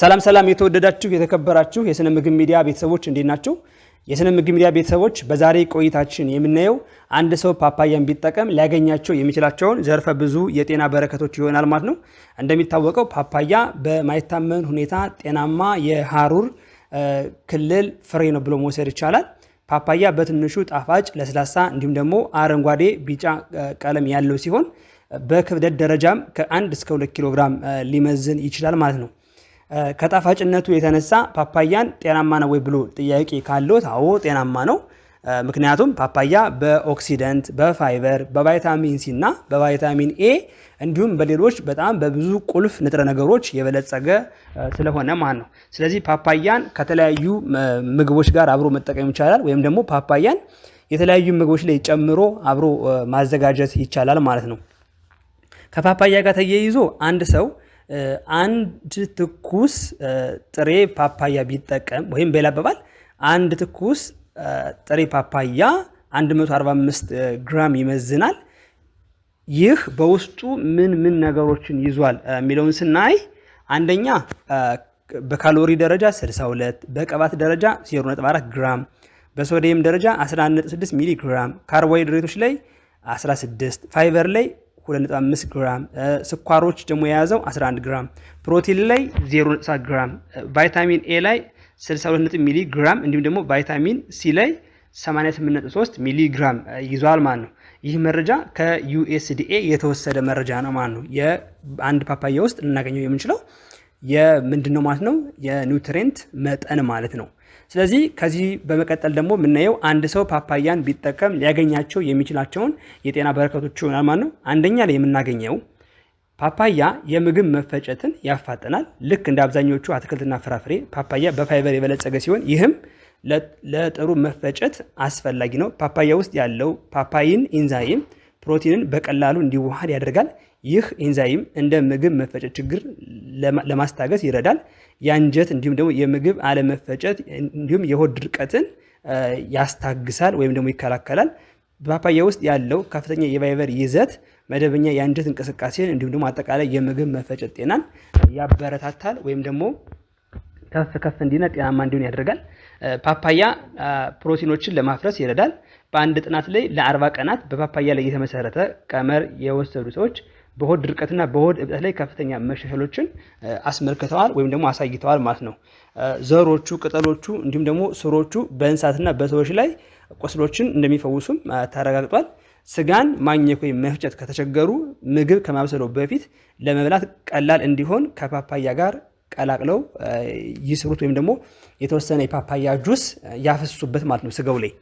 ሰላም ሰላም የተወደዳችሁ የተከበራችሁ የስነ ምግብ ሚዲያ ቤተሰቦች እንዴት ናችሁ? የስነ ምግብ ሚዲያ ቤተሰቦች በዛሬ ቆይታችን የምናየው አንድ ሰው ፓፓያን ቢጠቀም ሊያገኛቸው የሚችላቸውን ዘርፈ ብዙ የጤና በረከቶች ይሆናል ማለት ነው። እንደሚታወቀው ፓፓያ በማይታመን ሁኔታ ጤናማ የሐሩር ክልል ፍሬ ነው ብሎ መውሰድ ይቻላል። ፓፓያ በትንሹ ጣፋጭ፣ ለስላሳ እንዲሁም ደግሞ አረንጓዴ ቢጫ ቀለም ያለው ሲሆን በክብደት ደረጃም ከአንድ እስከ ሁለት ኪሎ ግራም ሊመዝን ይችላል ማለት ነው። ከጣፋጭነቱ የተነሳ ፓፓያን ጤናማ ነው ወይ ብሎ ጥያቄ ካለው፣ አዎ ጤናማ ነው። ምክንያቱም ፓፓያ በኦክሲደንት፣ በፋይበር፣ በቫይታሚን ሲ እና በቫይታሚን ኤ እንዲሁም በሌሎች በጣም በብዙ ቁልፍ ንጥረ ነገሮች የበለጸገ ስለሆነ ማለት ነው። ስለዚህ ፓፓያን ከተለያዩ ምግቦች ጋር አብሮ መጠቀም ይቻላል፣ ወይም ደግሞ ፓፓያን የተለያዩ ምግቦች ላይ ጨምሮ አብሮ ማዘጋጀት ይቻላል ማለት ነው። ከፓፓያ ጋር ተያይዞ አንድ ሰው አንድ ትኩስ ጥሬ ፓፓያ ቢጠቀም ወይም በሌላ አባባል አንድ ትኩስ ጥሬ ፓፓያ 145 ግራም ይመዝናል። ይህ በውስጡ ምን ምን ነገሮችን ይዟል የሚለውን ስናይ አንደኛ በካሎሪ ደረጃ 62፣ በቅባት ደረጃ 0.4 ግራም፣ በሶዲየም ደረጃ 11.6 ሚሊ ግራም፣ ካርቦሃይድሬቶች ላይ 16፣ ፋይበር ላይ 2.5 ግራም፣ ስኳሮች ደግሞ የያዘው 11 ግራም፣ ፕሮቲን ላይ 0.7 ግራም፣ ቫይታሚን ኤ ላይ 62 ሚሊ ግራም እንዲሁም ደግሞ ቫይታሚን ሲ ላይ 88.3 ሚሊ ግራም ይዟል ማለት ነው። ይህ መረጃ ከዩኤስዲኤ የተወሰደ መረጃ ነው ማለት ነው። የአንድ ፓፓያ ውስጥ ልናገኘው የምንችለው የምንድን ነው ማለት ነው የኒውትሬንት መጠን ማለት ነው። ስለዚህ ከዚህ በመቀጠል ደግሞ የምናየው አንድ ሰው ፓፓያን ቢጠቀም ሊያገኛቸው የሚችላቸውን የጤና በረከቶች ይሆናል ማለት ነው። አንደኛ ላይ የምናገኘው ፓፓያ የምግብ መፈጨትን ያፋጠናል። ልክ እንደ አብዛኞቹ አትክልትና ፍራፍሬ ፓፓያ በፋይበር የበለጸገ ሲሆን ይህም ለጥሩ መፈጨት አስፈላጊ ነው። ፓፓያ ውስጥ ያለው ፓፓይን ኢንዛይም ፕሮቲንን በቀላሉ እንዲዋሃድ ያደርጋል። ይህ ኤንዛይም እንደ ምግብ መፈጨት ችግር ለማስታገስ ይረዳል። የአንጀት እንዲሁም ደግሞ የምግብ አለመፈጨት እንዲሁም የሆድ ድርቀትን ያስታግሳል ወይም ደግሞ ይከላከላል። በፓፓያ ውስጥ ያለው ከፍተኛ የቫይበር ይዘት መደበኛ የአንጀት እንቅስቃሴን እንዲሁም ደግሞ አጠቃላይ የምግብ መፈጨት ጤናን ያበረታታል ወይም ደግሞ ከፍ ከፍ እንዲነ ጤናማ እንዲሆን ያደርጋል። ፓፓያ ፕሮቲኖችን ለማፍረስ ይረዳል። በአንድ ጥናት ላይ ለአርባ ቀናት በፓፓያ ላይ የተመሰረተ ቀመር የወሰዱ ሰዎች በሆድ ድርቀትና በሆድ እብጠት ላይ ከፍተኛ መሻሻሎችን አስመልክተዋል ወይም ደግሞ አሳይተዋል ማለት ነው። ዘሮቹ፣ ቅጠሎቹ እንዲሁም ደግሞ ስሮቹ በእንስሳትና በሰዎች ላይ ቁስሎችን እንደሚፈውሱም ተረጋግጧል። ስጋን ማግኘት ወይም መፍጨት ከተቸገሩ ምግብ ከማብሰለው በፊት ለመብላት ቀላል እንዲሆን ከፓፓያ ጋር ቀላቅለው ይስሩት ወይም ደግሞ የተወሰነ የፓፓያ ጁስ ያፈሱበት ማለት ነው ስጋው ላይ።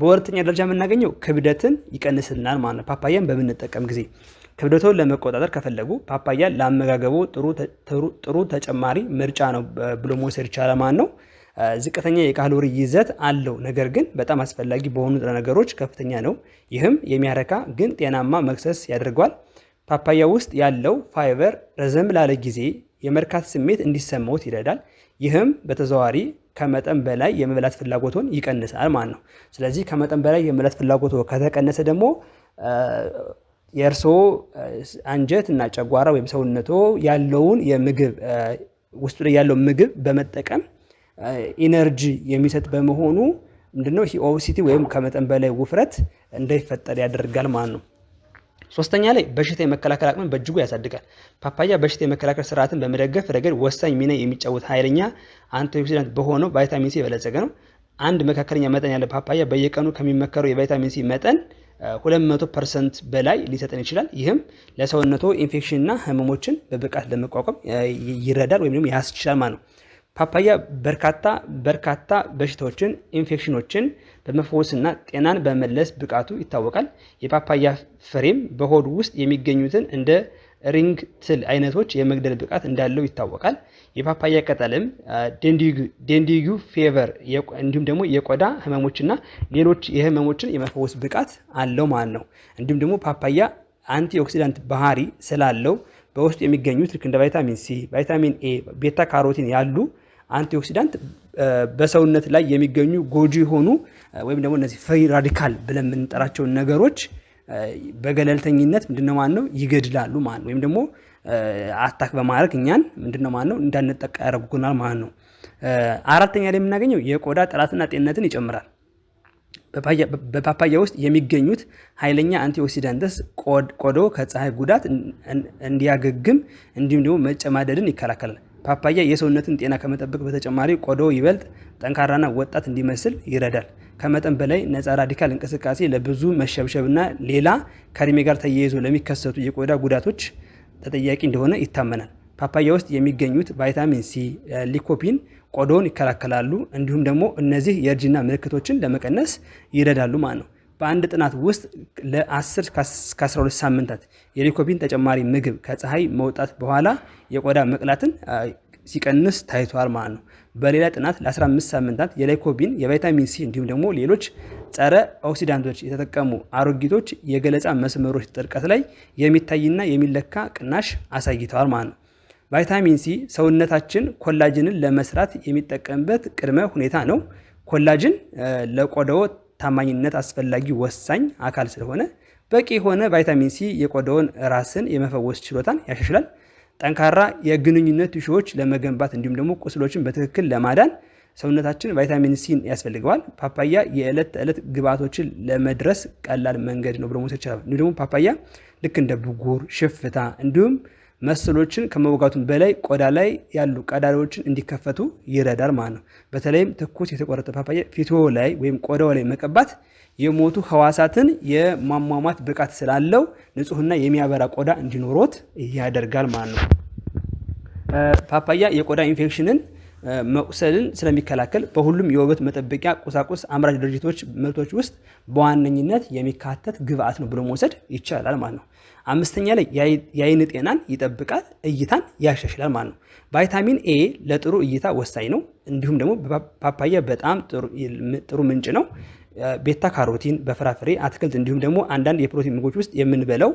በሁለተኛ ደረጃ የምናገኘው ክብደትን ይቀንስልናል ማለት ነው ፓፓያን በምንጠቀም ጊዜ ክብደቶን ለመቆጣጠር ከፈለጉ ፓፓያ ለአመጋገቡ ጥሩ ተጨማሪ ምርጫ ነው ብሎ መውሰድ ይቻላል ማለት ነው። ዝቅተኛ የካሎሪ ይዘት አለው፣ ነገር ግን በጣም አስፈላጊ በሆኑ ንጥረ ነገሮች ከፍተኛ ነው። ይህም የሚያረካ ግን ጤናማ መክሰስ ያደርገዋል። ፓፓያ ውስጥ ያለው ፋይበር ረዘም ላለ ጊዜ የመርካት ስሜት እንዲሰማዎት ይረዳል። ይህም በተዘዋዋሪ ከመጠን በላይ የመብላት ፍላጎቶን ይቀንሳል ማለት ነው። ስለዚህ ከመጠን በላይ የመብላት ፍላጎቶ ከተቀነሰ ደግሞ የእርስዎ አንጀት እና ጨጓራ ወይም ሰውነቶ ያለውን የምግብ ውስጡ ላይ ያለውን ምግብ በመጠቀም ኢነርጂ የሚሰጥ በመሆኑ ምንድነው ኦብሲቲ ወይም ከመጠን በላይ ውፍረት እንዳይፈጠር ያደርጋል ማለት ነው። ሶስተኛ ላይ በሽታ የመከላከል አቅምን በእጅጉ ያሳድጋል። ፓፓያ በሽታ የመከላከል ስርዓትን በመደገፍ ረገድ ወሳኝ ሚና የሚጫወት ኃይለኛ አንቲኦክሲዳንት በሆነው ቫይታሚን ሲ የበለጸገ ነው። አንድ መካከለኛ መጠን ያለ ፓፓያ በየቀኑ ከሚመከረው የቫይታሚን ሲ መጠን 200 ፐርሰንት በላይ ሊሰጠን ይችላል። ይህም ለሰውነቶ ኢንፌክሽን ህመሞችን በብቃት ለመቋቋም ይረዳል ወይም ያስችላል ማለት ነው። ፓፓያ በርካታ በርካታ በሽታዎችን ኢንፌክሽኖችን በመፈወስና ጤናን በመለስ ብቃቱ ይታወቃል። የፓፓያ ፍሬም በሆድ ውስጥ የሚገኙትን እንደ ሪንግ ትል አይነቶች የመግደል ብቃት እንዳለው ይታወቃል። የፓፓያ ቅጠልም ደንዲዩ ፌቨር እንዲሁም ደግሞ የቆዳ ህመሞችና ሌሎች የህመሞችን የመፈወስ ብቃት አለው ማለት ነው። እንዲሁም ደግሞ ፓፓያ አንቲኦክሲዳንት ባህሪ ስላለው በውስጡ የሚገኙት ልክ እንደ ቫይታሚን ሲ፣ ቫይታሚን ኤ፣ ቤታ ካሮቲን ያሉ አንቲኦክሲዳንት በሰውነት ላይ የሚገኙ ጎጂ የሆኑ ወይም ደግሞ እነዚህ ፍሪ ራዲካል ብለን የምንጠራቸውን ነገሮች በገለልተኝነት ምንድነው ማን ነው ይገድላሉ ማለት ነው። ወይም ደግሞ አታክ በማድረግ እኛን ምንድነው ማን ነው እንዳንጠቃ ያደርጉናል ማለት ነው። አራተኛ ላይ የምናገኘው የቆዳ ጥራትና ጤንነትን ይጨምራል። በፓፓያ ውስጥ የሚገኙት ኃይለኛ አንቲኦክሲዳንተስ ቆዳው ከፀሐይ ጉዳት እንዲያገግም እንዲሁም ደግሞ መጨማደድን ይከላከላል። ፓፓያ የሰውነትን ጤና ከመጠበቅ በተጨማሪ ቆዳው ይበልጥ ጠንካራና ወጣት እንዲመስል ይረዳል። ከመጠን በላይ ነፃ ራዲካል እንቅስቃሴ ለብዙ መሸብሸብና ሌላ ከእድሜ ጋር ተያይዞ ለሚከሰቱ የቆዳ ጉዳቶች ተጠያቂ እንደሆነ ይታመናል። ፓፓያ ውስጥ የሚገኙት ቫይታሚን ሲ፣ ሊኮፒን ቆዳውን ይከላከላሉ። እንዲሁም ደግሞ እነዚህ የእርጅና ምልክቶችን ለመቀነስ ይረዳሉ ማለት ነው። በአንድ ጥናት ውስጥ ለ10 እስከ 12 ሳምንታት የሪኮፒን ተጨማሪ ምግብ ከፀሐይ መውጣት በኋላ የቆዳ መቅላትን ሲቀንስ ታይቷል ማለት ነው። በሌላ ጥናት ለ15 ሳምንታት የላይኮቢን የቫይታሚን ሲ እንዲሁም ደግሞ ሌሎች ጸረ ኦክሲዳንቶች የተጠቀሙ አሮጊቶች የገለጻ መስመሮች ጥልቀት ላይ የሚታይና የሚለካ ቅናሽ አሳይተዋል ማለት ነው። ቫይታሚን ሲ ሰውነታችን ኮላጅንን ለመስራት የሚጠቀምበት ቅድመ ሁኔታ ነው። ኮላጅን ለቆዳዎ ታማኝነት አስፈላጊ ወሳኝ አካል ስለሆነ በቂ የሆነ ቫይታሚን ሲ የቆዳውን ራስን የመፈወስ ችሎታን ያሻሽላል። ጠንካራ የግንኙነት ቲሹዎች ለመገንባት እንዲሁም ደግሞ ቁስሎችን በትክክል ለማዳን ሰውነታችን ቫይታሚን ሲን ያስፈልገዋል። ፓፓያ የዕለት ተዕለት ግብዓቶችን ለመድረስ ቀላል መንገድ ነው ብሎ መውሰድ ይቻላል። እንዲሁም ደግሞ ፓፓያ ልክ እንደ ብጉር፣ ሽፍታ እንዲሁም መሰሎችን ከመወጋቱን በላይ ቆዳ ላይ ያሉ ቀዳዳዎችን እንዲከፈቱ ይረዳል ማለት ነው። በተለይም ትኩስ የተቆረጠ ፓፓያ ፊቶ ላይ ወይም ቆዳው ላይ መቀባት የሞቱ ህዋሳትን የማሟሟት ብቃት ስላለው ንጹህና የሚያበራ ቆዳ እንዲኖሮት ያደርጋል ማለት ነው። ፓፓያ የቆዳ ኢንፌክሽንን መቁሰልን ስለሚከላከል በሁሉም የውበት መጠበቂያ ቁሳቁስ አምራች ድርጅቶች ምርቶች ውስጥ በዋነኝነት የሚካተት ግብአት ነው ብሎ መውሰድ ይቻላል ማለት ነው። አምስተኛ ላይ የአይን ጤናን ይጠብቃል፣ እይታን ያሻሽላል ማለት ነው። ቫይታሚን ኤ ለጥሩ እይታ ወሳኝ ነው። እንዲሁም ደግሞ ፓፓያ በጣም ጥሩ ምንጭ ነው። ቤታ ካሮቲን በፍራፍሬ አትክልት፣ እንዲሁም ደግሞ አንዳንድ የፕሮቲን ምግቦች ውስጥ የምንበላው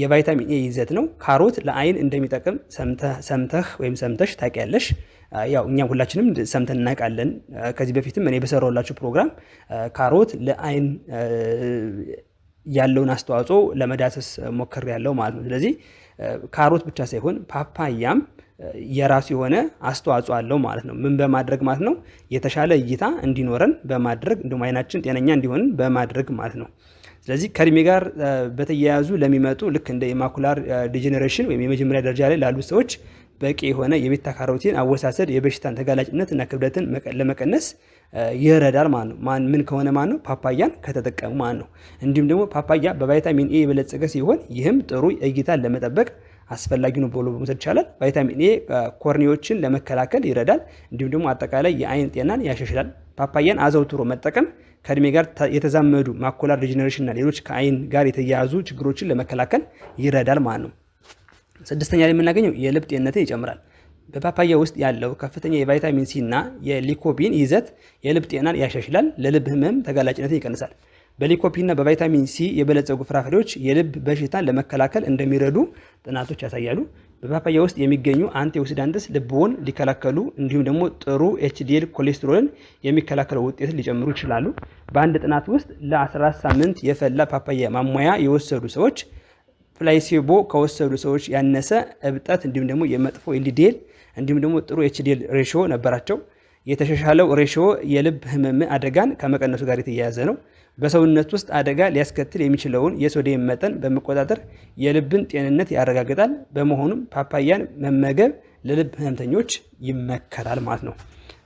የቫይታሚን ኤ ይዘት ነው። ካሮት ለአይን እንደሚጠቅም ሰምተህ ወይም ሰምተሽ ታውቂያለሽ። ያው እኛም ሁላችንም ሰምተን እናውቃለን። ከዚህ በፊትም እኔ በሰራሁላችሁ ፕሮግራም ካሮት ለአይን ያለውን አስተዋጽኦ ለመዳሰስ ሞከር ያለው ማለት ነው። ስለዚህ ካሮት ብቻ ሳይሆን ፓፓያም የራሱ የሆነ አስተዋጽኦ አለው ማለት ነው። ምን በማድረግ ማለት ነው? የተሻለ እይታ እንዲኖረን በማድረግ እንዲሁም አይናችን ጤነኛ እንዲሆን በማድረግ ማለት ነው። ስለዚህ ከእድሜ ጋር በተያያዙ ለሚመጡ ልክ እንደ የማኩላር ዲጀኔሬሽን ወይም የመጀመሪያ ደረጃ ላይ ላሉ ሰዎች በቂ የሆነ የቤታ ካሮቲን አወሳሰድ የበሽታን ተጋላጭነት እና ክብደትን ለመቀነስ ይረዳል ማለት ነው። ማን ምን ከሆነ ማለት ነው ፓፓያን ከተጠቀሙ ማለት ነው። እንዲሁም ደግሞ ፓፓያ በቫይታሚን ኤ የበለጸገ ሲሆን ይህም ጥሩ እይታን ለመጠበቅ አስፈላጊ ነው ብሎ በመውሰድ ይቻላል። ቫይታሚን ኤ ኮርኒዎችን ለመከላከል ይረዳል። እንዲሁም ደግሞ አጠቃላይ የአይን ጤናን ያሻሽላል። ፓፓያን አዘውትሮ መጠቀም ከእድሜ ጋር የተዛመዱ ማኮላር ዲጀነሬሽን እና ሌሎች ከአይን ጋር የተያያዙ ችግሮችን ለመከላከል ይረዳል ማለት ነው። ስድስተኛ ላይ የምናገኘው የልብ ጤንነትን ይጨምራል። በፓፓያ ውስጥ ያለው ከፍተኛ የቫይታሚን ሲ እና የሊኮፒን ይዘት የልብ ጤናን ያሻሽላል፣ ለልብ ህመም ተጋላጭነትን ይቀንሳል። በሊኮፒን እና በቫይታሚን ሲ የበለጸጉ ፍራፍሬዎች የልብ በሽታን ለመከላከል እንደሚረዱ ጥናቶች ያሳያሉ። በፓፓያ ውስጥ የሚገኙ አንቲ ኦክሲዳንትስ ልብዎን ሊከላከሉ እንዲሁም ደግሞ ጥሩ ኤችዲኤል ኮሌስትሮልን የሚከላከሉ ውጤት ሊጨምሩ ይችላሉ። በአንድ ጥናት ውስጥ ለ14 ሳምንት የፈላ ፓፓያ ማሟያ የወሰዱ ሰዎች ፕላሲቦ ከወሰዱ ሰዎች ያነሰ እብጠት እንዲሁም ደግሞ የመጥፎ ኤልዲኤል እንዲሁም ደግሞ ጥሩ ኤችዲኤል ሬሽዮ ነበራቸው። የተሻሻለው ሬሽዮ የልብ ህመም አደጋን ከመቀነሱ ጋር የተያያዘ ነው። በሰውነት ውስጥ አደጋ ሊያስከትል የሚችለውን የሶዲየም መጠን በመቆጣጠር የልብን ጤንነት ያረጋግጣል። በመሆኑም ፓፓያን መመገብ ለልብ ህመምተኞች ይመከራል ማለት ነው።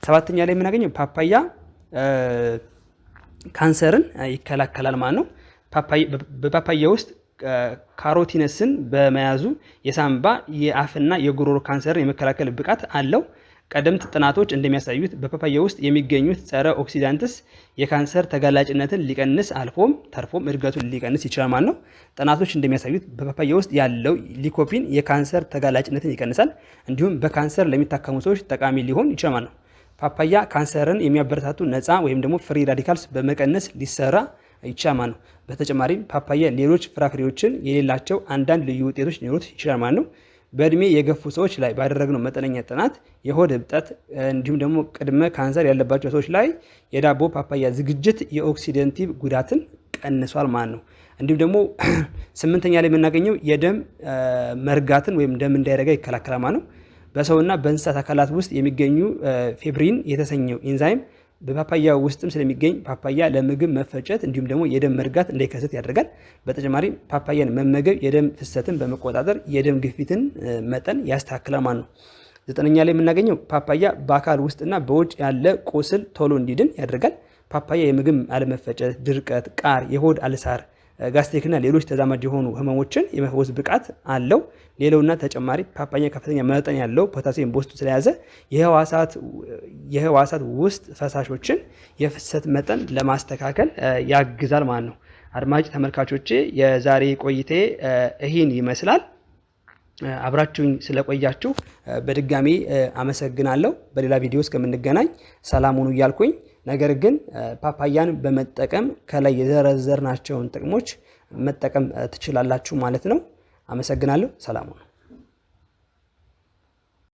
ሰባተኛ ላይ የምናገኘው ፓፓያ ካንሰርን ይከላከላል ማለት ነው። በፓፓያ ውስጥ ካሮቲነስን በመያዙ የሳምባ የአፍና የጉሮሮ ካንሰርን የመከላከል ብቃት አለው። ቀደምት ጥናቶች እንደሚያሳዩት በፓፓያ ውስጥ የሚገኙት ጸረ ኦክሲዳንትስ የካንሰር ተጋላጭነትን ሊቀንስ አልፎም ተርፎም እድገቱን ሊቀንስ ይችላል ማለት ነው። ጥናቶች እንደሚያሳዩት በፓፓያ ውስጥ ያለው ሊኮፒን የካንሰር ተጋላጭነትን ይቀንሳል፣ እንዲሁም በካንሰር ለሚታከሙ ሰዎች ጠቃሚ ሊሆን ይችላል ማለት ነው። ፓፓያ ካንሰርን የሚያበረታቱ ነፃ ወይም ደግሞ ፍሪ ራዲካልስ በመቀነስ ሊሰራ ማለት ነው። በተጨማሪም ፓፓያ ሌሎች ፍራፍሬዎችን የሌላቸው አንዳንድ ልዩ ውጤቶች ሊኖሩት ይችላል ማለት ነው። በእድሜ የገፉ ሰዎች ላይ ባደረግነው መጠነኛ ጥናት የሆድ እብጠት እንዲሁም ደግሞ ቅድመ ካንሰር ያለባቸው ሰዎች ላይ የዳቦ ፓፓያ ዝግጅት የኦክሲደንቲቭ ጉዳትን ቀንሷል ማለት ነው። እንዲሁም ደግሞ ስምንተኛ ላይ የምናገኘው የደም መርጋትን ወይም ደም እንዳይረጋ ይከላከላል ማለት ነው። በሰውና በእንስሳት አካላት ውስጥ የሚገኙ ፌብሪን የተሰኘው ኢንዛይም በፓፓያ ውስጥም ስለሚገኝ ፓፓያ ለምግብ መፈጨት እንዲሁም ደግሞ የደም መርጋት እንዳይከሰት ያደርጋል። በተጨማሪም ፓፓያን መመገብ የደም ፍሰትን በመቆጣጠር የደም ግፊትን መጠን ያስተካክላል ማለት ነው። ዘጠነኛ ላይ የምናገኘው ፓፓያ በአካል ውስጥና በውጭ ያለ ቁስል ቶሎ እንዲድን ያደርጋል። ፓፓያ የምግብ አለመፈጨት፣ ድርቀት፣ ቃር፣ የሆድ አልሳር ጋስትሪክና ሌሎች ተዛማጅ የሆኑ ህመሞችን የመፈወስ ብቃት አለው። ሌላውና ተጨማሪ ፓፓያ ከፍተኛ መጠን ያለው ፖታሲየም በውስጡ ስለያዘ የህዋሳት ውስጥ ፈሳሾችን የፍሰት መጠን ለማስተካከል ያግዛል ማለት ነው። አድማጭ ተመልካቾች የዛሬ ቆይቴ ይህን ይመስላል። አብራችሁኝ ስለቆያችሁ በድጋሚ አመሰግናለሁ። በሌላ ቪዲዮ እስከምንገናኝ ሰላም ሁኑ እያልኩኝ ነገር ግን ፓፓያን በመጠቀም ከላይ የዘረዘርናቸውን ጥቅሞች መጠቀም ትችላላችሁ ማለት ነው። አመሰግናለሁ። ሰላሙ ነው።